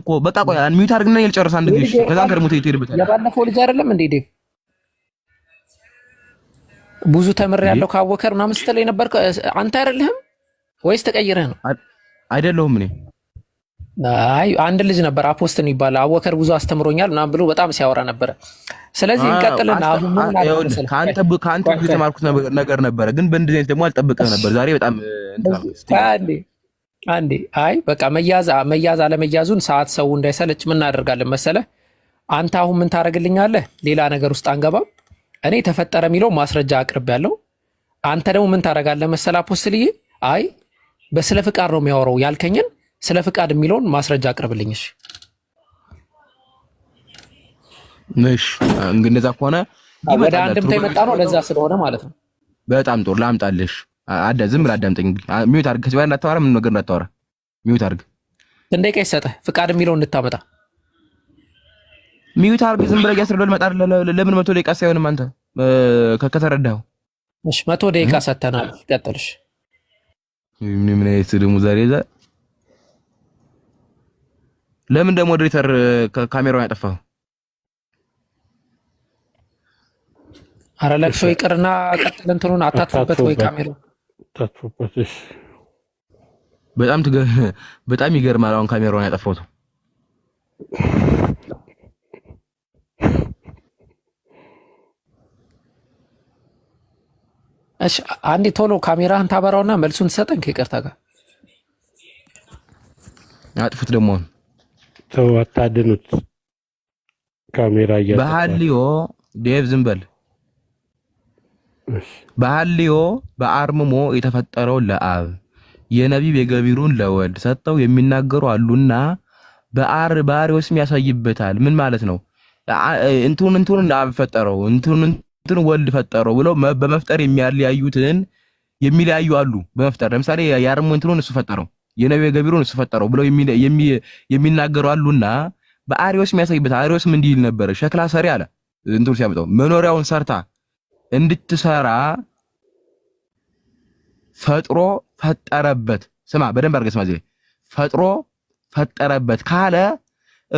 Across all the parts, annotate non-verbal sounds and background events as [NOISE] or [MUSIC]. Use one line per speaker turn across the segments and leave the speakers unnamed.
እኮ በቃ ቆይ ሚዩት አድርግና ይልጨርስ አንድ ጊዜ። ከዛም ከደግሞ ትሄድበታለህ።
የባለፈው ልጅ አይደለም እንዴ ዴቭ? ብዙ ተምር ያለው ካወከር ምናምን ስትል የነበርከው አንተ አይደለህም ወይስ ተቀይረህ ነው? አይደለሁም እኔ አይ አንድ ልጅ ነበር አፖስት ይባላል አወከር ብዙ አስተምሮኛል ምናምን ብሎ በጣም ሲያወራ ነበረ። ስለዚህ እንቀጥልና
ከአንተ ብዙ የተማርኩት ነገር ነበረ፣ ግን በእንደዚህ አይነት ደግሞ አልጠብቅህም ነበር። ዛሬ በጣም
አንዴ አይ በቃ መያዝ መያዝ አለመያዙን ሰዓት ሰው እንዳይሰለች ምን እናደርጋለን መሰለ፣ አንተ አሁን ምን ታደርግልኛለህ? ሌላ ነገር ውስጥ አንገባም። እኔ ተፈጠረ የሚለው ማስረጃ አቅርብ ያለው አንተ ደግሞ ምን ታደርጋለህ መሰለ፣ አፖስትልዬ አይ በስለ ፍቃድ ነው የሚያወራው ያልከኝን ስለ ፍቃድ የሚለውን ማስረጃ አቅርብልኝ እሺ
እንደዛ ከሆነ
ወደ አንድምታ የመጣ ነው። ለዛ ስለሆነ ማለት ነው።
በጣም ጥሩ ላምጣልሽ አደ ዝም ብለህ አዳምጠኝ። ሚዩት አድርግ። ከዚህ በኋላ እንዳታወራ፣ ምን ነገር እንዳታወራ። ሚዩት አድርግ።
ስንት ደቂቃ ይሰጥህ? ፍቃድ የሚለውን እንድታመጣ
ሚዩት አድርግ። ዝም ብለህ እያስረዳሁ ልመጣ ለምን መቶ ደቂቃ ሳይሆንም አንተ ከተረዳኸው።
እሺ መቶ ደቂቃ ሰጥተናል። ቀጥልሽ።
ምን አይነት ደግሞ ዛሬ ዛ ለምን ደግሞ ሞዴሬተር ካሜራውን ያጠፋው?
አረ ለቅሶ ይቅርና ቀጥል። እንትኑን አታጥፉበት ወይ ካሜራው
ወጣችሁበት። እሺ፣ በጣም በጣም ይገርማል። አሁን ካሜራውን ያጠፋሁት
እሺ፣ አንዴ ቶሎ ካሜራህን ታበራውና መልሱን ትሰጠን ከይቅርታ ጋር
አጥፉት ደግሞ
ተው አታድኑት። ካሜራ እያ
በሃሊዮ ዴቭ ዝም በል በሐልዮ በአርምሞ የተፈጠረው ለአብ የነቢብ የገቢሩን ለወልድ ሰጠው የሚናገሩ አሉና በአር በአርዮስም ያሳይበታል። ምን ማለት ነው? እንቱን እንቱን አብ ፈጠረው እንቱን እንቱን ወልድ ፈጠረው ብለው በመፍጠር የሚያለያዩትን የሚለያዩ አሉ። በመፍጠር ለምሳሌ የአርምሞ እንትኑን እሱ ፈጠረው የነቢብ የገቢሩን እሱ ፈጠረው ብለው የሚናገሩ አሉና በአርዮስም ያሳይበታል። አርዮስም እንዲህ ይል ነበረ ሸክላ ሰሪ አለ እንቱን ሲያመጣው መኖሪያውን ሰርታ እንድትሰራ ፈጥሮ ፈጠረበት። ስማ በደንብ አድርገህ ስማ። እዚህ ፈጥሮ ፈጠረበት ካለ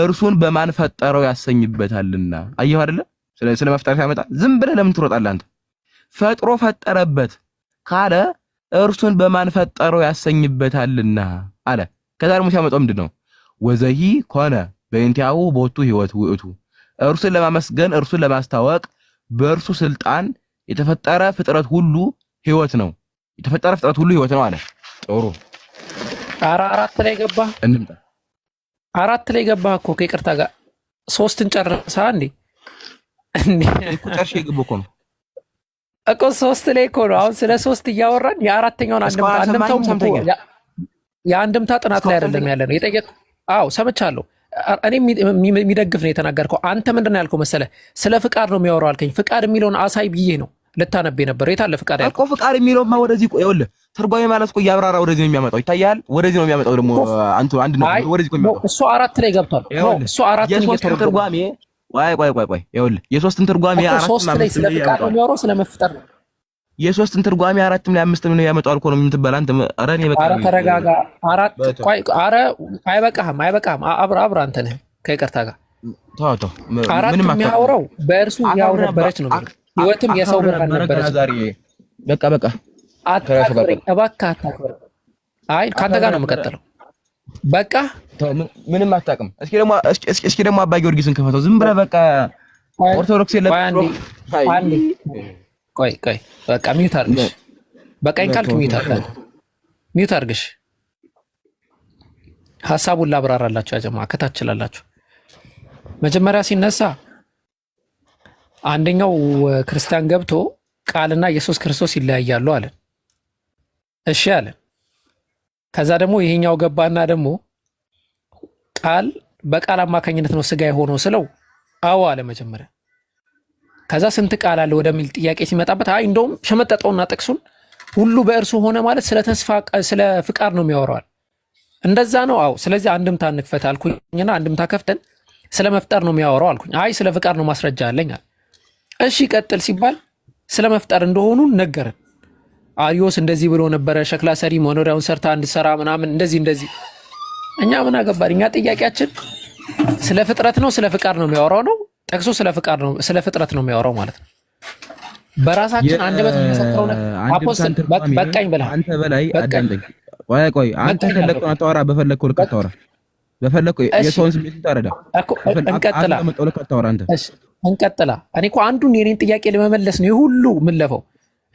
እርሱን በማን ፈጠረው ያሰኝበታልና። አየሁ አይደለ? ስለ ስለ መፍጠር ሲያመጣ ዝም ብለህ ለምን ትሮጣለህ አንተ? ፈጥሮ ፈጠረበት ካለ እርሱን በማን ፈጠረው ያሰኝበታልና አለ። ከዛ ደግሞ ሲያመጣው ምንድን ነው? ወዘሂ ኮነ በእንቲያው ቦቱ ህይወት ውእቱ፣ እርሱን ለማመስገን እርሱን ለማስታወቅ በእርሱ ስልጣን የተፈጠረ ፍጥረት ሁሉ ህይወት ነው። የተፈጠረ ፍጥረት ሁሉ ህይወት ነው አለ። ጥሩ
ኧረ አራት ላይ ገባ እንምጣ። አራት ላይ ገባ እኮ ከይቅርታ ጋር ሶስትን ጨርሰህ እንዴ?
እንዴ እኮ ጨርሼ የገባሁ እኮ ነው
እኮ ሶስት ላይ እኮ ነው። አሁን ስለ ሶስት እያወራን የአራተኛውን አንድምታ አንድምታው የአንድምታ ጥናት ላይ አይደለም ያለ ነው የጠየቅ። አዎ ሰምቻለሁ። እኔ የሚደግፍ ነው የተናገርከው። አንተ ምንድን ነው ያልከው መሰለ፣ ስለ ፍቃድ ነው የሚያወራው አልከኝ። ፍቃድ የሚለውን አሳይ ብዬ ነው ልታነብ የነበረው። የታለ ፍቃድ
ያልከው? ፍቃድ የሚለውማ ወደዚህ ይኸውልህ ትርጓሚ ማለት እኮ እያብራራ ወደዚህ ነው የሚያመጣው። ይታያል፣ ወደዚህ ነው የሚያመጣው። ደግሞ አንቱ አንድ ነው ወደዚህ ነው የሚያመጣው። እሱ አራት ላይ ገብቷል። እሱ አራት ነው ትርጓሜ። ቆይ ቆይ ቆይ ቆይ፣ ይኸውልህ የሶስትን ትርጓሜ
አራት ማለት ነው። ስለ ፍቃድ ነው የሚያወራው፣ ስለ መፍጠር ነው
የሶስትን ትርጓሜ አራትም ላይ አምስትም ነው ያመጣው አልኮ ነው የምትበላ አንተ። ኧረ
በቃ ኧረ ተረጋጋ። አራት ቆይ፣ ኧረ አይበቃህም፣ አይበቃህም። አብራ አብራ አንተ ነህ ከይቅርታ ጋር ተው ተው። አራት የሚያወራው በእርሱ ያው ነበረች ነው ህይወትም የሰው ብርሃን ነበረች። በቃ በቃ አታክብረኝ እባክህ አታክብረኝ። አይ ከአንተ ጋር ነው የምቀጥለው። በቃ
ምንም አታውቅም። እስኪ ደግሞ እስኪ ደግሞ አባ ጊዮርጊስን ከፈተው ዝም ብለህ በቃ ኦርቶዶክስ የለም
አንዴ ቆይ ቆይ፣ በቃ ሚዩት አድርግሽ። በቃኝ ካልክ ሚዩት አድርግ፣ ሚዩት አድርግሽ። ሀሳቡን ላብራራላችሁ። ያጀማ ከታችላላችሁ። መጀመሪያ ሲነሳ አንደኛው ክርስቲያን ገብቶ ቃልና ኢየሱስ ክርስቶስ ይለያያሉ አለን። እሺ አለን። ከዛ ደግሞ ይሄኛው ገባና ደግሞ ቃል በቃል አማካኝነት ነው ስጋ የሆነው ስለው አዎ አለ መጀመሪያ ከዛ ስንት ቃል አለ ወደሚል ጥያቄ ሲመጣበት አይ እንደውም ሸመጠጠውና ጥቅሱን ሁሉ በእርሱ ሆነ ማለት ስለ ተስፋ ስለ ፍቃድ ነው የሚያወራዋል። እንደዛ ነው። አው ስለዚህ አንድምታ እንክፈት አልኩኝና አንድምታ ከፍተን ስለ መፍጠር ነው የሚያወራው አልኩኝ። አይ ስለ ፍቃድ ነው ማስረጃ አለኝ አለ። እሺ ቀጥል ሲባል ስለ መፍጠር እንደሆኑ ነገርን። አሪዮስ እንደዚህ ብሎ ነበረ፣ ሸክላ ሰሪ መኖሪያውን ሰርታ እንድሰራ ምናምን እንደዚህ እንደዚህ። እኛ ምን አገባን? እኛ ጥያቄያችን ስለ ፍጥረት ነው ስለ ፍቃድ ነው የሚያወራው ነው ጠቅሶ ስለ ፍቃድ ነው ስለ ፍጥረት ነው የሚያወራው ማለት ነው። በራሳችን አንደበት በቃኝ
አንተ በላይ አዳምጠኝ። ቆይ ቆይ አንተ አታወራ፣ ልክ አታወራ፣ የሰውን ስሜት ታረዳ።
እንቀጥላ እንቀጥላ። እኔ እኮ አንዱን የኔን ጥያቄ ለመመለስ ነው የምለፈው።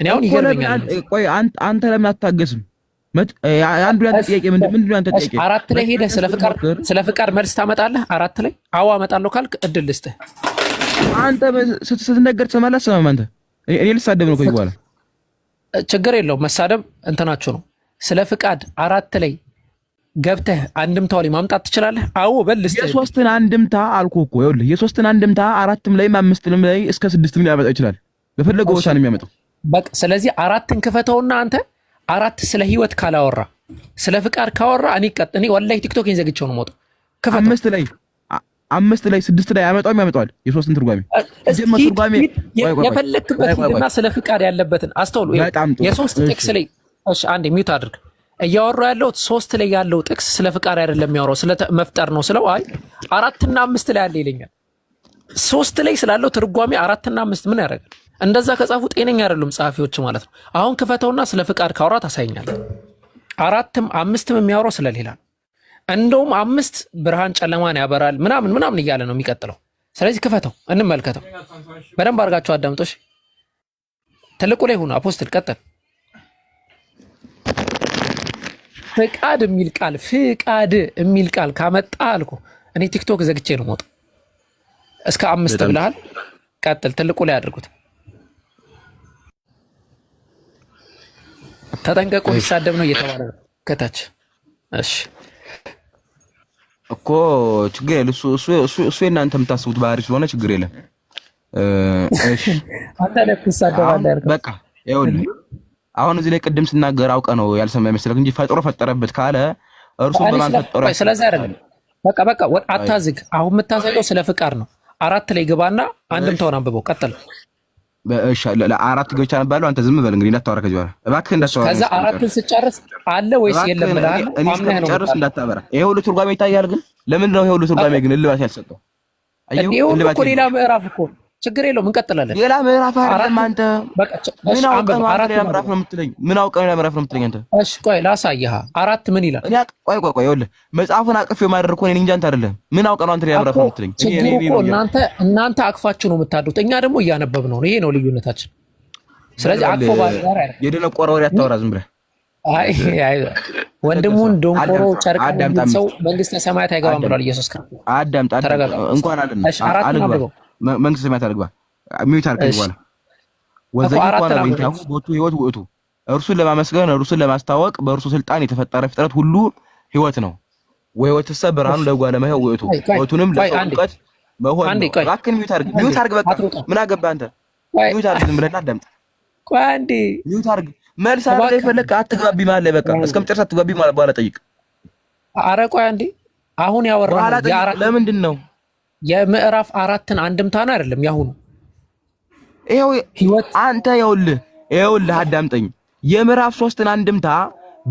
እኔ አሁን ይገርመኛል።
ቆይ አንተ ለምን አታገስም? አንዱ ያንተ ጥያቄ ምንድን ነው? ያንተ ጥያቄ
አራት ላይ ሄደህ ስለ ፍቃድ መልስ ታመጣለህ። አራት ላይ አዎ አመጣለሁ ካልክ እድል ልስጥህ።
አንተ ስትነገር ትሰማለህ። አትሰማም? አንተ እኔ ልሳደብ ነው ከዚህ በኋላ
ችግር የለውም። መሳደብ እንትናችሁ ነው። ስለ ፍቃድ አራት ላይ ገብተህ አንድምታው ላይ ማምጣት ትችላለህ። አዎ በልስ ልስጥህ።
የሶስትን አንድምታ አልኩህ እኮ ይኸውልህ፣ የሶስትን አንድምታ አራትም ላይ አምስትም ላይ እስከ ስድስትም ሊያመጣ ይችላል። በፈለገው ቦታ ነው የሚያመጣው።
በቃ ስለዚህ አራትን ክፈተውና አንተ አራት ስለ ህይወት ካላወራ ስለ ፍቃድ ካወራ እኔ ቀጥ እኔ ወላሂ ቲክቶኬን ዘግቼው ነው የምወጣው።
አምስት ላይ አምስት ላይ ስድስት ላይ ያመጣውም ያመጣዋል። የሶስትን ትርጓሜ
የፈለክበት ሂድና ስለ ፍቃድ ያለበትን አስተውሉ። የሶስት ጥቅስ ላይ እሺ፣ አንዴ ሚውት አድርግ እያወራው ያለው ሶስት ላይ ያለው ጥቅስ ስለ ፍቃድ አይደለም የሚያወራው ስለ መፍጠር ነው ስለው፣ አይ አራትና አምስት ላይ አለ ይለኛል። ሶስት ላይ ስላለው ትርጓሜ አራትና አምስት ምን ያደርጋል? እንደዛ ከጻፉ ጤነኛ አይደሉም ጸሐፊዎች ማለት ነው። አሁን ክፈተውና ስለ ፍቃድ ካውራ ታሳይኛል። አራትም አምስትም የሚያወራው ስለሌላ ነው። እንደውም አምስት ብርሃን ጨለማን ያበራል ምናምን ምናምን እያለ ነው የሚቀጥለው። ስለዚህ ክፈተው እንመልከተው በደንብ አድርጋቸው አዳምጦሽ። ትልቁ ላይ ሆኖ አፖስትል ቀጥል። ፍቃድ የሚል ቃል ፍቃድ የሚል ቃል ካመጣ አልኩ እኔ ቲክቶክ ዘግቼ ነው ሞጣ። እስከ አምስት ብለሃል፣ ቀጥል፣ ትልቁ ላይ አድርጉት ተጠንቀቁ፣ የሚሳደብ ነው እየተባለ ነው ከታች። እሺ
እኮ ችግር የለም። እሱ የእናንተ የምታስቡት ባህሪ ስለሆነ ችግር የለም።
[LAUGHS]
በቃ ይኸውልህ አሁን እዚህ ላይ ቅድም ስናገር አውቀ ነው ያልሰማ ይመስለክ እንጂ ፈጥሮ ፈጠረበት ካለ እርሱ
በማን ፈጠረ? ስለዚህ አይደለም። በቃ በቃ አታዝግ። አሁን የምታዘቀው ስለ ፍቃድ ነው። አራት ላይ ግባና አንድም ተሆን አንብበው ቀጥል።
አራት ልጆች ነባለሁ። አንተ ዝም በል እንግዲህ እንዳታወራ፣ ከዚህ በኋላ እባክህ እንዳታወራ።
ከዛ አራቱን ስጨርስ አለ ወይስ የለም ብለሃል።
እልሃለሁ። ጨርስ እንዳታበራ። ይሄ ሁሉ ትርጓሜ ይታያል። ግን ለምንድን ነው ይሄ ሁሉ ትርጓሜ ግን እልባት ያልሰጠው?
ይሄ ሁሉ እኮ ሌላ ምዕራፍ እኮ ችግር የለውም እንቀጥላለን።
ሌላ ምዕራፍ አይደለም አንተ ምን አውቀህ አራት ምዕራፍ ነው የምትለኝ? ምን አውቀህ ሌላ ምዕራፍ ነው የምትለኝ አንተ?
እሺ ቆይ ላሳይህ። አራት ምን ይላል?
እኔ ቆይ ቆይ ቆይ ይኸውልህ መጽሐፉን አቅፍ የማደርግ እኮ እኔ እንጂ አንተ አይደለም። ምን አውቀህ ነው አንተ ሌላ ምዕራፍ ነው የምትለኝ?
ችግሩ እኮ እናንተ እናንተ አቅፋችሁ ነው የምታድሩት፣ እኛ ደግሞ እያነበብን ነው። ይሄ ነው ልዩነታችን። ስለዚህ አቅፎ ባለ አይደለም።
የደነቆረ ወሬ አታወራ ዝም ብለህ
ወንድሙን ዶንቆሮ ጨርቅ ሰው መንግስተ ሰማያት አይገባም ብሏል ኢየሱስ ክርስቶስ።
አዳምጥ፣ እንኳን አለ አልገባ መንግስት ሰማያት አልግባ ሚዩት አድርገህ በኋላ ወዘይት ኋላ ቤንታሁ ቦቱ ህይወት ውእቱ እርሱን ለማመስገን እርሱን ለማስታወቅ በእርሱ ስልጣን የተፈጠረ ፍጥረት ሁሉ ህይወት ነው። ወህይወት ሰ ብርሃኑ ለጓለ መሕያው ውእቱ ህይወቱንም ለእውቀት መሆን ነው። እባክህ ሚዩት አድርግ፣ ሚዩት አድርግ። በቃ ምን አገባ አንተ? ሚዩት አድርግ። ዝም ብለና አዳምጥ። ቆይ አንዴ ሚዩት አድርግ። መልስ አለ የፈለክ አትግባቢ ማለት ላይ በቃ እስከምጨርስ አትግባቢ ማለት በኋላ ጠይቅ።
ኧረ ቆይ አንዴ አሁን ያወራህ ለምንድን ነው የምዕራፍ አራትን አንድምታን አይደለም ያሁኑ።
ይኸው አንተ ይኸውልህ ይኸውልህ አዳምጠኝ። የምዕራፍ ሶስትን አንድምታ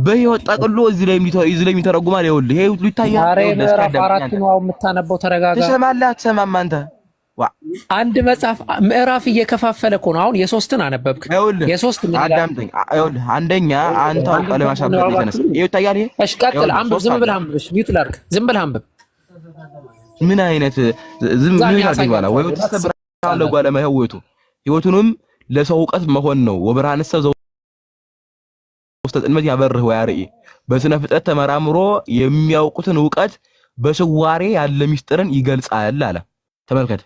በህይወት ጠቅሎ እዚህ ላይ እዚህ ላይ የሚተረጉማል። ይኸውልህ ይሄ ሁሉ ይታያል።
ኧረ ምዕራፍ አራት ነው የምታነበው። ተረጋጋ።
ትሰማለህ አትሰማም አንተ?
አንድ መጽሐፍ ምዕራፍ እየከፋፈለ እኮ ነው። አሁን የሶስትን አነበብክ።
የሶስት አዳምጠኝ። ይኸውልህ አንደኛ አንተ አውቀህ ለማሳበብ የተነሳ ይኸው ይታያል። ይሄ
እሺ፣ ቀጥል። አንብብ። ዝም ብለህ አንብብ። እሺ፣ ሚውት ላድርግ። ዝም ብለህ አንብብ
ምን አይነት ዝም ምን ያደርጋላ ወይ ተሰብራለ ጓለ መህወቱ ህይወቱንም ለሰው ዕውቀት መሆን ነው። ወብርሃን ሰብ ውስተ ጥልመት ያበርህ ወያርኢ በስነ ፍጥረት ተመራምሮ የሚያውቁትን ዕውቀት በስዋሬ ያለ ሚስጥርን ይገልጻል አለ። ተመልከት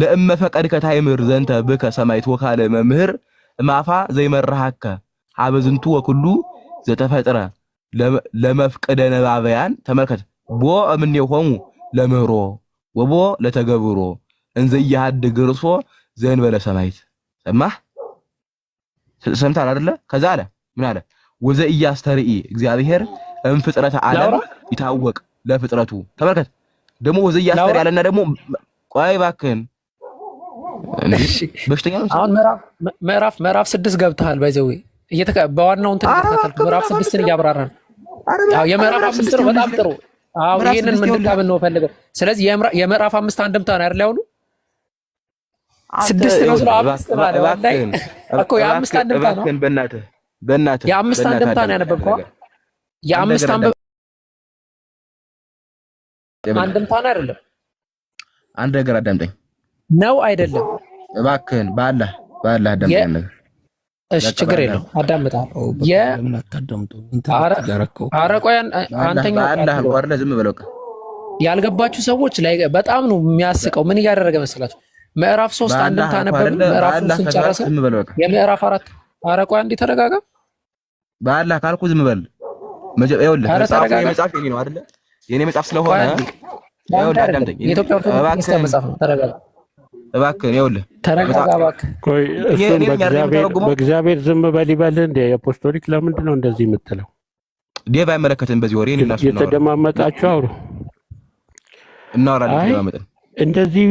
ለእመ ፈቀድ ከታይምር ዘንተ ብከ ሰማይት ወካለ መምህር ማፋ ዘይመረሃከ አበዝንቱ ወኩሉ ዘተፈጥረ ለመፍቀደ ነባበያን ተመልከት ቦ እምን የሆሙ ለምህሮ ወቦ ለተገብሮ እንዘ ይሃድግ ርእሶ ዘእንበለ ሰማይት ሰማህ ሰምታል አይደለ? ከዛ አለ ምን አለ? ወዘ ኢያስተርኢ እግዚአብሔር እምፍጥረተ ዓለም ይታወቅ ለፍጥረቱ። ተመልከት ደግሞ ወዘ ኢያስተርኢ አለና ደግሞ ቆይ እባክህን በሽተኛ ነው።
አሁን ምዕራፍ ምዕራፍ ስድስት ገብተሃል። ባይዘዌ በዋናው እንትን ምዕራፍ ስድስትን እያብራራን የምዕራፍ ስድስት ነው። በጣም ጥሩ አዎ ይሄንን ምን ልታምን ነው ፈልገ። ስለዚህ የምዕራፍ አምስት አንድምታ ነው አይደል? ያሁኑ ስድስት ነው ስለው አምስት ማለት እኮ የአምስት
አንድምታ ነው። በእናትህ በእናትህ
የአምስት አንድምታ ነው ያነበብከው። የአምስት አንድምታ ነው አይደለም?
አንድ ነገር አዳምጠኝ
ነው አይደለም?
እባክህን ባላህ ባላህ አዳምጠኝ ነገር
እሺ ችግር የለው አዳምጣል። ያልገባችሁ ሰዎች ላይ በጣም ነው የሚያስቀው። ምን እያደረገ መሰላችሁ? ምዕራፍ ሶስት አንድም ታነበብን ምዕራፉን ስንጨረስ የምዕራፍ አራት አረቆያ እንዲህ ተደጋጋ
በአላህ ካልኩ ዝም በል። የኔ መጽሐፍ ስለሆነ
ኢትዮጵያ ኦርቶዶክስ መጽሐፍ ነው። ተረጋጋ
እባክህ ይኸውልህ፣
ተረጋጋ በእግዚአብሔር ዝም በል ይበልህ እንዴ? አፖስቶሊክ ለምንድን ነው እንደዚህ የምትለው?
ዴቭ አይመለከትም። በዚህ ወሬ እኔና
የተደማመጣችሁ አውሩ፣ እናወራለን። ተደማመጠን እንደዚህ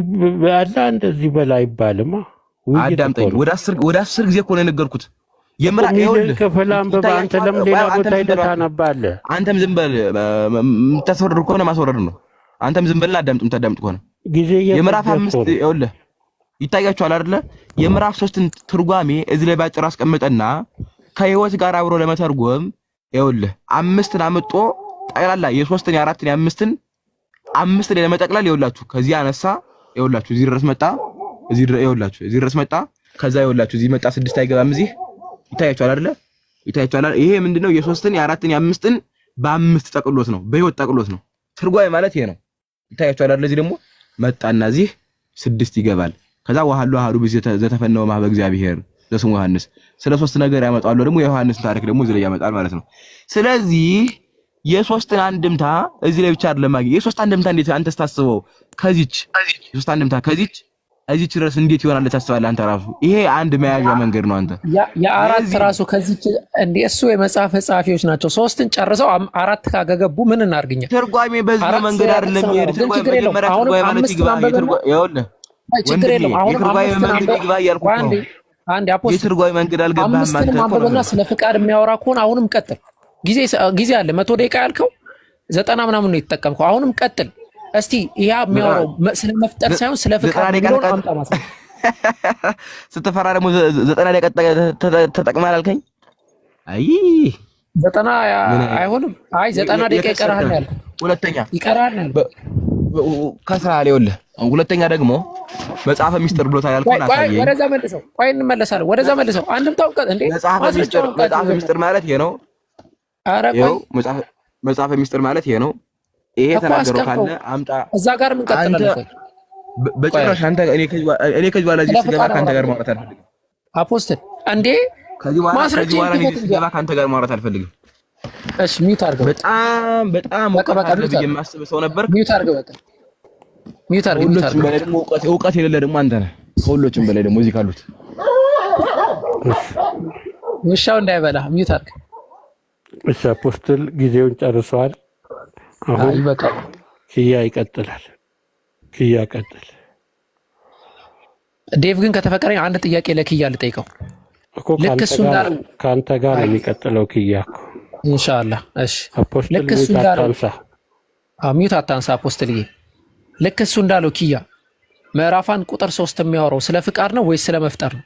አላ እንደዚህ በላ አይባልማ።
አዳምጠኝ። ወደ አስር ጊዜ እኮ ነው የነገርኩት። የምራ
ይኸውልህ፣ ክፍል አንብባ። አንተ ለምን ሌላ ቦታ ሄደህ ታነባለህ?
አንተም ዝም በል። የምታስወርድ ከሆነ ማስወረድ ነው። አንተም ዝም በልና አዳምጥ። የምታዳምጥ ከሆነ ጊዜ የምዕራፍ አምስት ይኸውልህ ይታያችኋል አይደለ? የምዕራፍ ሶስትን ትርጓሜ እዚህ ላይ ባጭር አስቀምጠና ከህይወት ጋር አብሮ ለመተርጎም ይኸውልህ አምስትን አምጦ ጠቅላላ የሶስትን የአራትን የአምስትን አምስትን ለመጠቅለል ይኸውላችሁ ከዚህ አነሳ ይኸውላችሁ እዚህ ድረስ መጣ እዚህ ይኸውላችሁ እዚህ ድረስ መጣ ከዛ ይኸውላችሁ እዚህ መጣ ስድስት አይገባም እዚህ ይታያችኋል አይደለ? ይታያችኋል ይሄ ምንድነው የሶስትን የአራትን የአምስትን በአምስት ጠቅሎት ነው በህይወት ጠቅሎት ነው ትርጓሜ ማለት ይሄ ነው። ይታያችኋል አይደለ? እዚህ ደግሞ መጣና እዚህ ስድስት ይገባል። ከዛ ወሃሉ አሃዱ ዘተፈነወ ማህበ እግዚአብሔር ለስሙ ዮሐንስ ስለ ሶስት ነገር ያመጣዋል። ደግሞ የዮሐንስ ታሪክ ደግሞ እዚህ ላይ ያመጣል ማለት ነው። ስለዚህ የሶስትን አንድምታ እዚህ ላይ ብቻ አይደለም ማግኘት። የሶስት አንድምታ እንዴት አንተ ስታስበው ከዚች የሶስት አንድምታ ከዚች እዚች ድረስ እንዴት ይሆናል ታስባለህ አንተ ራሱ። ይሄ አንድ መያዣ መንገድ ነው። አንተ
የአራት ራሱ ከዚች እንደ እሱ የመጽሐፍ ጸሐፊዎች ናቸው። ሶስትን ጨርሰው አራት ካገገቡ ምን እናርግኛ?
ትርጓሜ በዚህ መንገድ አይደለም
ይሄ ትርጓሜ መጀመሪያ ትርጓሜ
ማለት ይግባ ይሄ ትርጓሜ ይኸውልህ
የትርጓሜ መንገድ አልገባህም። ስለ ፍቃድ የሚያወራ ከሆነ አሁንም ቀጥል። ጊዜ አለ። መቶ ደቂቃ ያልከው ዘጠና ምናምን ነው የተጠቀምከው። አሁንም ቀጥል እስቲ። ያ የሚያወራው ስለ መፍጠር ሳይሆን ስለ ፍቃድ
የሚለውን አምጣ ማለት [LAUGHS] ስትፈራ ደግሞ ዘጠና ደቂቃ ተጠቅመሃል አልከኝ። አይ
ዘጠና አይሆንም። አይ ዘጠና ደቂቃ ያልከው ሁለተኛ ይቀራል
ከስራ ላይ ሁለተኛ ደግሞ መጽሐፈ ሚስጥር
ብሎታል ያልኩህን አሳየኝ። ወደዛ መልሰው፣ ቆይ እንመለሳለን። ወደዛ መልሰው። አንድም ታውቀት እንዴ
መጽሐፈ ሚስጥር ማለት ይሄ ነው። ኧረ ቆይ መጽሐፈ ሚስጥር ማለት ይሄ ነው። ይሄ ተናገረው ካለ
አምጣ። እዛ ጋር ምን ቀጥላለን?
በጭራሽ አንተ እኔ ከዚህ እኔ በኋላ እዚህ ስገባ ካንተ ጋር ማውራት አልፈልግም።
አፖስትል እንዴ
ከዚህ በኋላ ከዚህ በኋላ እኔ ስገባ ካንተ ጋር ማውራት አልፈልግም።
እሺ ሚውት አድርገው።
በጣም በጣም ወቀባ ካለ ብዬ የማስብ ሰው ነበር። ሚውት አድርገው በቃ ሚዩት አድርግ። እውቀት የሌለ ደግሞ አንተ ነህ፣ ከሁሎችም በላይ ደግሞ እዚህ ካሉት
ውሻው እንዳይበላ ሚዩት አድርግ።
እሺ አፖስትል ጊዜውን ጨርሰዋል። አሁን ክያ ይቀጥላል። ክያ ቀጥል።
ዴቭ ግን ከተፈቀረኝ አንድ ጥያቄ ለክያ ልጠይቀው።
ልክ እሱ እንዳለው ከአንተ ጋር ነው የሚቀጥለው። ክያ እኮ
ኢንሻላህ። እሺ
ልክ እሱ እንዳለው
ሚዩት አታንሳ አፖስትልዬ ልክ እሱ እንዳለው ኪያ ምዕራፋን ቁጥር ሶስት የሚያወራው ስለ ፍቃድ ነው ወይስ ስለ መፍጠር ነው?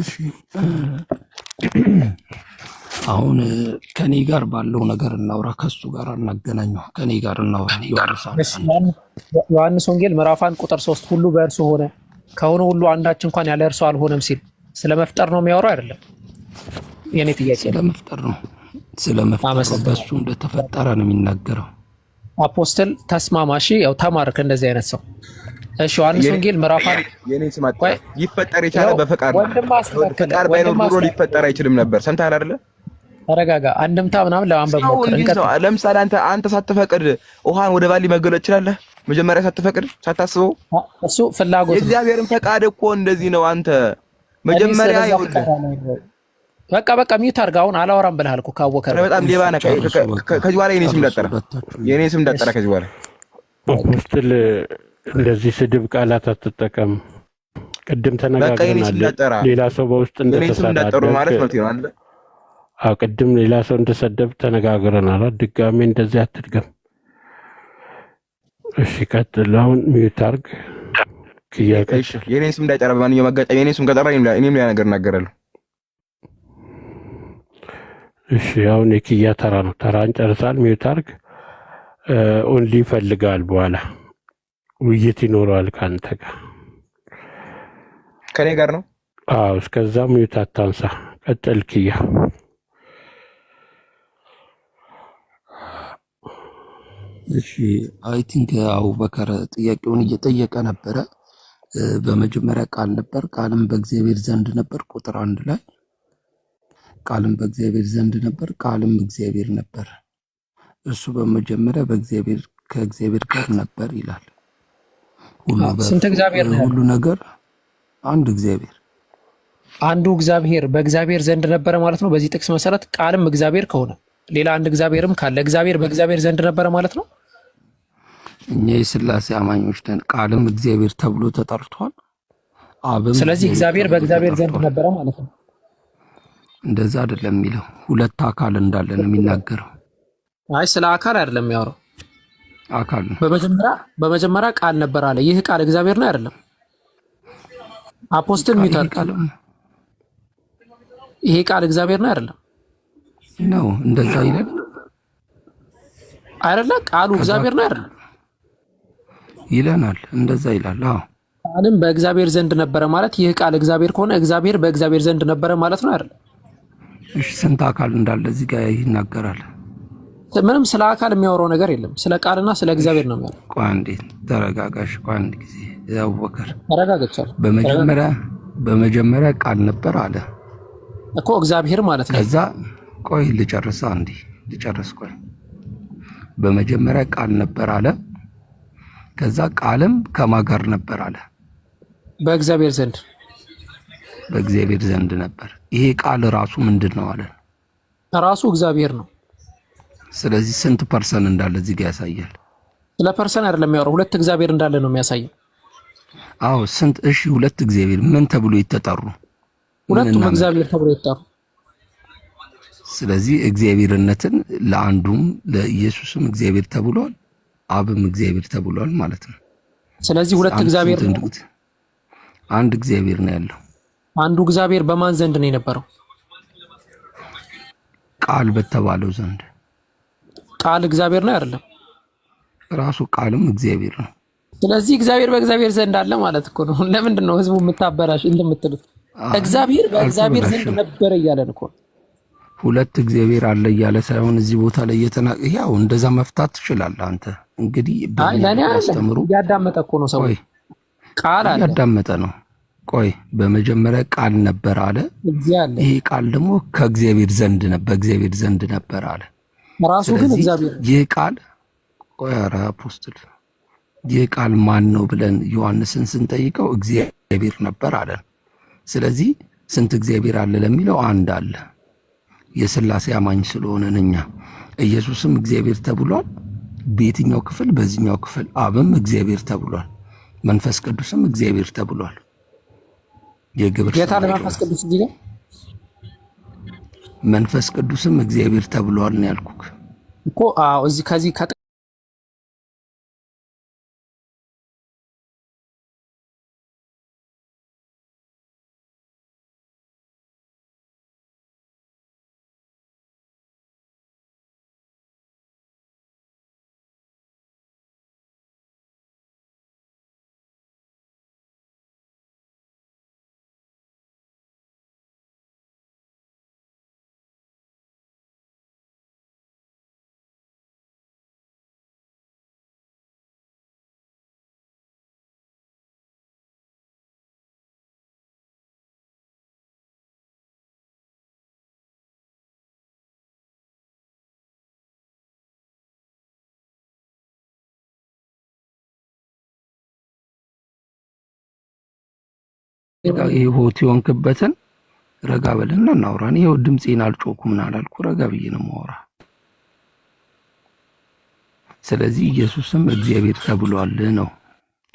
እሺ አሁን ከኔ ጋር ባለው ነገር እናውራ፣ ከሱ ጋር አናገናኘው። ከኔ ጋር እናውራ።
ዮሐንስ ወንጌል ምዕራፋን ቁጥር ሶስት ሁሉ በእርሱ ሆነ ከሆነ ሁሉ አንዳች እንኳን ያለ እርሱ አልሆነም ሲል ስለ መፍጠር ነው የሚያወራው አይደለም? የኔ ጥያቄ
ስለ መፍጠር ነው ስለ በሱ እንደተፈጠረ ነው የሚናገረው።
አፖስትል ተስማማሺ ያው ተማርክ እንደዚህ አይነት ሰው እሺ ዮሐንስ ወንጌል ምዕራፍ
ይፈጠር የቻለ በፈቃድ ፈቃድ ባይኖር ኑሮ ሊፈጠር አይችልም ነበር። ሰምተሃል አይደለ?
ተረጋጋ። አንድምታ ምናምን
ለማንበብ ሞክር። ለምሳሌ አንተ አንተ ሳትፈቅድ ውሃን ወደ ባሊ መገለጥ ትችላለህ? መጀመሪያ ሳትፈቅድ ሳታስበው፣ እሱ ፍላጎት። የእግዚአብሔርን ፈቃድ እኮ እንደዚህ ነው። አንተ መጀመሪያ ይኸውልህ
በቃ በቃ ሚዩት አድርገህ አሁን አላወራም ብለሃል እኮ ካወከ
በጣም ሌባ ነህ። ከዚህ በኋላ የኔ ስም ደጠረ፣ የኔ ስም ደጠረ። ከዚህ በኋላ
ስትል እንደዚህ ስድብ ቃላት አትጠቀም። ቅድም ተነጋግረናል። ሌላ ሰው በውስጥ
እንደተሳዳጠሩ ማለት ነው አለ
ቅድም ሌላ ሰው እንደሰደብ ተነጋግረናል። ድጋሜ እንደዚህ አትድገም። እሺ ቀጥል። አሁን ሚዩት አድርግ። ክያ ቀጥል።
ስም እንዳይጠራ በማንኛውም አጋጣሚ የኔ ስም ከጠራ እኔም ሌላ ነገር እናገራለሁ።
እሺ አሁን የክያ ተራ ነው። ተራን ጨርሳል። ሚዩት አርግ። ኦንሊ ይፈልጋል። በኋላ ውይይት ይኖረዋል ከአንተ ጋር ከኔ ጋር ነው። አዎ እስከዛ ሚዩት አታንሳ። ቀጥል ክያ እሺ አይ ቲንክ አቡበከር ጥያቄውን እየጠየቀ ነበረ። በመጀመሪያ ቃል ነበር፣ ቃልም በእግዚአብሔር ዘንድ ነበር ቁጥር አንድ ላይ ቃልም በእግዚአብሔር ዘንድ ነበር፣ ቃልም እግዚአብሔር ነበር። እሱ በመጀመሪያ በእግዚአብሔር ከእግዚአብሔር ጋር ነበር ይላል። ሁሉ ነገር አንድ እግዚአብሔር
አንዱ እግዚአብሔር በእግዚአብሔር ዘንድ ነበረ ማለት ነው። በዚህ ጥቅስ መሰረት ቃልም እግዚአብሔር ከሆነ ሌላ አንድ እግዚአብሔርም ካለ እግዚአብሔር በእግዚአብሔር ዘንድ ነበረ ማለት ነው።
እኛ የስላሴ አማኞች ነን። ቃልም እግዚአብሔር ተብሎ ተጠርቷል።
ስለዚህ እግዚአብሔር በእግዚአብሔር ዘንድ ነበረ ማለት ነው።
እንደዛ አይደለም የሚለው። ሁለት አካል እንዳለ ነው የሚናገረው።
አይ ስለ አካል አይደለም የሚያወራው። አካል ነው። በመጀመሪያ በመጀመሪያ ቃል ነበር አለ። ይህ ቃል እግዚአብሔር ነው አይደለም? አፖስትል ሚታል ቃል ይሄ ቃል እግዚአብሔር ነው አይደለም?
ነው እንደዛ ይላል
አይደለ? ቃሉ እግዚአብሔር ነው አይደለም?
ይለናል። እንደዛ ይላል። አዎ
ቃልም በእግዚአብሔር ዘንድ ነበረ ማለት ይህ ቃል እግዚአብሔር ከሆነ እግዚአብሔር በእግዚአብሔር ዘንድ ነበረ ማለት ነው አይደለም?
እሺ ስንት አካል እንዳለ እዚህ ጋር ይናገራል።
ምንም ስለ አካል የሚያወራው ነገር የለም። ስለ ቃልና ስለ እግዚአብሔር ነው የሚያወራው።
ቆይ አንዴ ተረጋጋሽ። ቆይ አንድ ጊዜ አቡበከር
ተረጋግቻለሁ።
በመጀመሪያ በመጀመሪያ ቃል ነበር አለ
እኮ እግዚአብሔር ማለት
ነው። ከዛ ቆይ ልጨርስ፣ አንዴ ልጨርስ። ቆይ በመጀመሪያ ቃል ነበር አለ። ከዛ ቃልም ከማን ጋር ነበር አለ?
በእግዚአብሔር ዘንድ
በእግዚአብሔር ዘንድ ነበር። ይሄ ቃል ራሱ ምንድን ነው አለ?
ራሱ እግዚአብሔር ነው።
ስለዚህ ስንት ፐርሰን እንዳለ እዚህ ጋር ያሳያል።
ስለ ፐርሰን አይደለም የሚያወራው፣ ሁለት እግዚአብሔር እንዳለ ነው የሚያሳየው።
አዎ ስንት እሺ፣ ሁለት እግዚአብሔር ምን ተብሎ የተጠሩ?
ሁለቱም እግዚአብሔር ተብሎ የተጠሩ።
ስለዚህ እግዚአብሔርነትን ለአንዱም ለኢየሱስም እግዚአብሔር ተብሏል፣ አብም እግዚአብሔር ተብሏል ማለት ነው።
ስለዚህ ሁለት እግዚአብሔር
አንድ እግዚአብሔር ነው ያለው።
አንዱ እግዚአብሔር በማን ዘንድ ነው የነበረው?
ቃል በተባለው ዘንድ።
ቃል እግዚአብሔር ነው አይደለም?
ራሱ ቃልም እግዚአብሔር ነው።
ስለዚህ እግዚአብሔር በእግዚአብሔር ዘንድ አለ ማለት እኮ ነው። [LAUGHS] ለምንድን ነው ህዝቡ የምታበላሽ እንደምትሉት? እግዚአብሔር በእግዚአብሔር ዘንድ ነበረ እያለን እኮ
ሁለት እግዚአብሔር አለ እያለ ሳይሆን እዚህ ቦታ ላይ የተና ያው እንደዛ መፍታት ትችላለህ አንተ። እንግዲህ
ያዳመጠ እኮ ነው ሰው
ቃል አለ ያዳመጠ ነው ቆይ በመጀመሪያ ቃል ነበር አለ። ይሄ ቃል ደግሞ ከእግዚአብሔር ዘንድ ነበር፣ በእግዚአብሔር ዘንድ ነበር አለ። ራሱ ግን እግዚአብሔር ይህ ቃል ቆይ፣ ኧረ አፖስትል ይህ ቃል ማን ነው ብለን ዮሐንስን ስንጠይቀው እግዚአብሔር ነበር አለን። ስለዚህ ስንት እግዚአብሔር አለ ለሚለው አንድ አለ። የስላሴ አማኝ ስለሆነን እኛ ኢየሱስም እግዚአብሔር ተብሏል። በየትኛው ክፍል? በዚህኛው ክፍል አብም እግዚአብሔር ተብሏል። መንፈስ ቅዱስም እግዚአብሔር ተብሏል።
የግብር ጌታ ለመንፈስ ቅዱስ እንጂ
መንፈስ ቅዱስም እግዚአብሔር ተብሏል ነው ያልኩህ
እኮ። አዎ እዚህ ከዚህ
ይሄው ቲዮንክበትን ረጋ በልና እናውራን። ይሄው ድምፄን አልጮኩም አላልኩ፣ ረጋ ብዬ ነው ማውራ። ስለዚህ ኢየሱስም እግዚአብሔር ተብሏል ነው።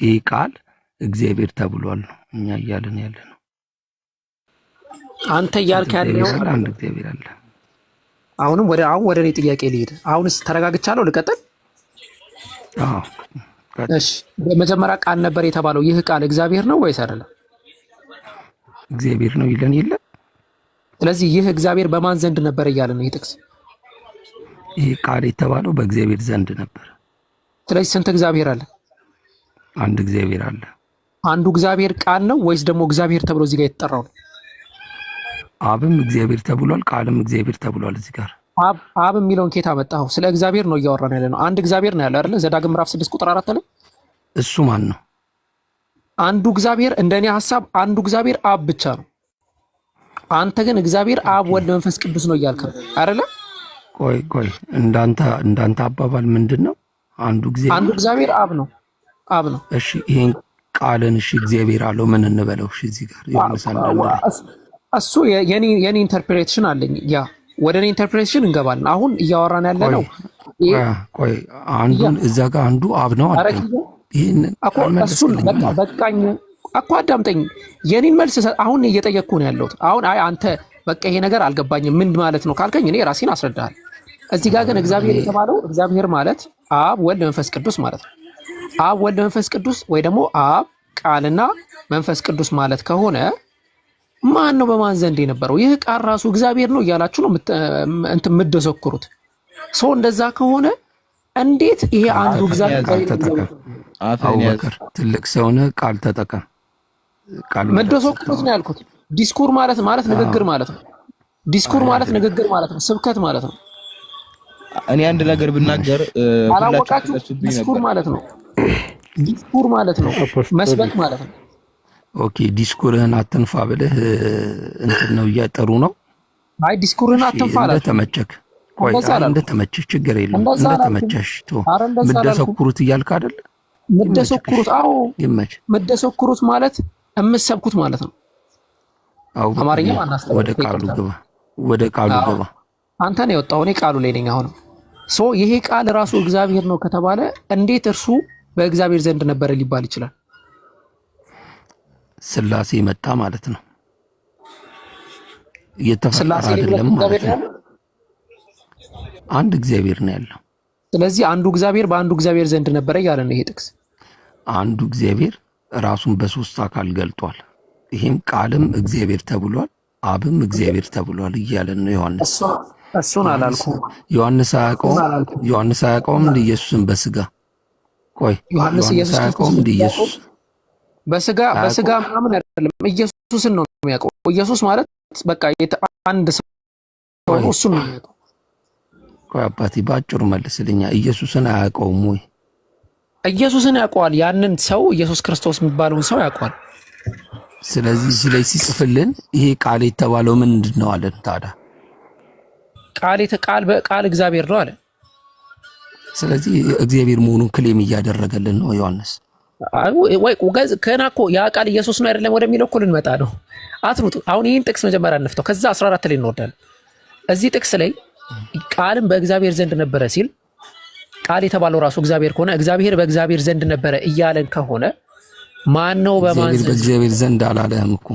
ይህ ቃል እግዚአብሔር ተብሏል ነው እኛ እያልን ያለ ነው።
አንተ እያልክ ያለው
አንድ እግዚአብሔር አለ።
አሁንም ወደ አሁን ወደ እኔ ጥያቄ ልሄድ። አሁንስ ተረጋግቻለሁ፣ ልቀጥል። አዎ እሺ፣ በመጀመሪያ ቃል ነበር የተባለው ይህ ቃል እግዚአብሔር ነው ወይስ አይደለም?
እግዚአብሔር ነው ይለን የለ።
ስለዚህ ይህ እግዚአብሔር በማን ዘንድ ነበር እያለ ነው ይህ ጥቅስ።
ይህ ቃል የተባለው በእግዚአብሔር ዘንድ ነበር።
ስለዚህ ስንት እግዚአብሔር አለ?
አንድ እግዚአብሔር አለ።
አንዱ እግዚአብሔር ቃል ነው ወይስ ደግሞ እግዚአብሔር ተብሎ እዚህ ጋር የተጠራው ነው?
አብም እግዚአብሔር ተብሏል፣ ቃልም እግዚአብሔር ተብሏል። እዚህ ጋር
አብ የሚለውን ኬት አመጣኸው? ስለ እግዚአብሔር ነው እያወራ ያለ ነው። አንድ እግዚአብሔር ነው ያለ አይደለ? ዘዳግም ምዕራፍ ስድስት ቁጥር አራት ላይ እሱ ማን ነው? አንዱ እግዚአብሔር እንደ እኔ ሀሳብ አንዱ እግዚአብሔር አብ ብቻ ነው። አንተ ግን እግዚአብሔር አብ ወልድ መንፈስ ቅዱስ ነው እያልክ ነው አይደለ?
ቆይ ቆይ፣ እንዳንተ እንዳንተ አባባል ምንድን ነው? አንዱ እግዚአብሔር
አንዱ እግዚአብሔር አብ ነው አብ ነው።
እሺ ይሄን ቃልን እሺ እግዚአብሔር አለው ምን እንበለው? እሺ እዚህ ጋር
እሱ የኔ ኢንተርፕሬቴሽን አለኝ። ያ ወደ እኔ ኢንተርፕሬቴሽን እንገባለን። አሁን እያወራን ያለ ነው
ቆይ አንዱን እዛ ጋር አንዱ አብ ነው
እኮ አዳምጠኝ፣ የኔን መልስ አሁን እየጠየቅኩ ነው ያለሁት። አሁን አይ አንተ በቃ ይሄ ነገር አልገባኝም ምን ማለት ነው ካልከኝ እኔ ራሴን አስረዳሃል። እዚህ ጋር ግን እግዚአብሔር የተባለው እግዚአብሔር ማለት አብ ወልድ መንፈስ ቅዱስ ማለት ነው። አብ ወልድ መንፈስ ቅዱስ ወይ ደግሞ አብ ቃልና መንፈስ ቅዱስ ማለት ከሆነ ማን ነው በማን ዘንድ የነበረው? ይህ ቃል ራሱ እግዚአብሔር ነው እያላችሁ ነው እንትን ሶ እንደዛ ከሆነ እንዴት ይሄ አንዱ ግዛት
አቡበከር ትልቅ ሰውነ ቃል ተጠቀም።
መደሶ መደሶቅሎት ነው ያልኩት። ዲስኩር ማለት ማለት ንግግር ማለት ነው። ዲስኩር ማለት ንግግር ማለት ነው። ስብከት ማለት ነው።
እኔ አንድ ነገር ብናገር
አላወቃችሁ። ዲስኩር ማለት ነው። ዲስኩር ማለት ነው። መስበክ ማለት ነው።
ኦኬ ዲስኩርህን አትንፋ ብልህ እንትን ነው እያጠሩ ነው።
አይ ዲስኩርህን አትንፋ
አላችሁ። ተመቸክ እንደተመቸሽ ችግር የለም። እንደተመቸሽ ምደሰኩሩት እያልክ አይደለ?
ምደሰኩሩት አዎ፣ ይመች ምደሰኩሩት ማለት እምሰብኩት ማለት ነው። አዎ፣ አማርኛ ማናስተው ወደ ቃሉ ግባ፣ ወደ ቃሉ ግባ። አንተ ነው የወጣው፣ እኔ ቃሉ ላይ ነኝ አሁን። ሶ ይሄ ቃል ራሱ እግዚአብሔር ነው ከተባለ እንዴት እርሱ በእግዚአብሔር ዘንድ ነበረ ሊባል ይችላል?
ስላሴ መጣ ማለት ነው። እየተፈጠረ
አይደለም ማለት ነው
አንድ እግዚአብሔር ነው ያለው።
ስለዚህ አንዱ እግዚአብሔር በአንዱ እግዚአብሔር ዘንድ ነበረ እያለ ነው ይሄ ጥቅስ።
አንዱ እግዚአብሔር ራሱን በሶስት አካል ገልጧል። ይህም ቃልም እግዚአብሔር ተብሏል፣ አብም እግዚአብሔር ተብሏል እያለን ነው ዮሐንስ።
እሱን አላልኩ
ዮሐንስ አያውቀውም እንደ ኢየሱስን በስጋ ቆይ፣
ዮሐንስ አያውቀውም እንደ ኢየሱስ በስጋ በስጋ ምናምን አይደለም፣ ኢየሱስን ነው የሚያውቀው። ኢየሱስ ማለት በቃ አንድ ሰው እሱን ነው የሚያውቀው
አባቴ በአጭሩ መልስልኛ። ኢየሱስን አያውቀውም ወይ?
ኢየሱስን ያውቀዋል። ያንን ሰው ኢየሱስ ክርስቶስ የሚባለውን ሰው ያውቀዋል።
ስለዚህ እዚህ ላይ ሲጽፍልን ይሄ ቃል የተባለው ምንድን ነው አለን። ታዲያ
ቃል የተቃል በቃል እግዚአብሔር ነው አለ።
ስለዚህ እግዚአብሔር መሆኑን ክሌም እያደረገልን ነው ዮሐንስ።
ወይ ገና እኮ ያ ቃል ኢየሱስ ነው አይደለም ወደሚለው እኮ ልንመጣ ነው። አትሩጡ። አሁን ይህን ጥቅስ መጀመሪያ እንፍተው፣ ከዛ 14 ላይ እንወርዳለን። እዚህ ጥቅስ ላይ ቃልም በእግዚአብሔር ዘንድ ነበረ ሲል ቃል የተባለው ራሱ እግዚአብሔር ከሆነ እግዚአብሔር በእግዚአብሔር ዘንድ ነበረ እያለን ከሆነ ማን ነው በማን
በእግዚአብሔር ዘንድ አላለህም እኮ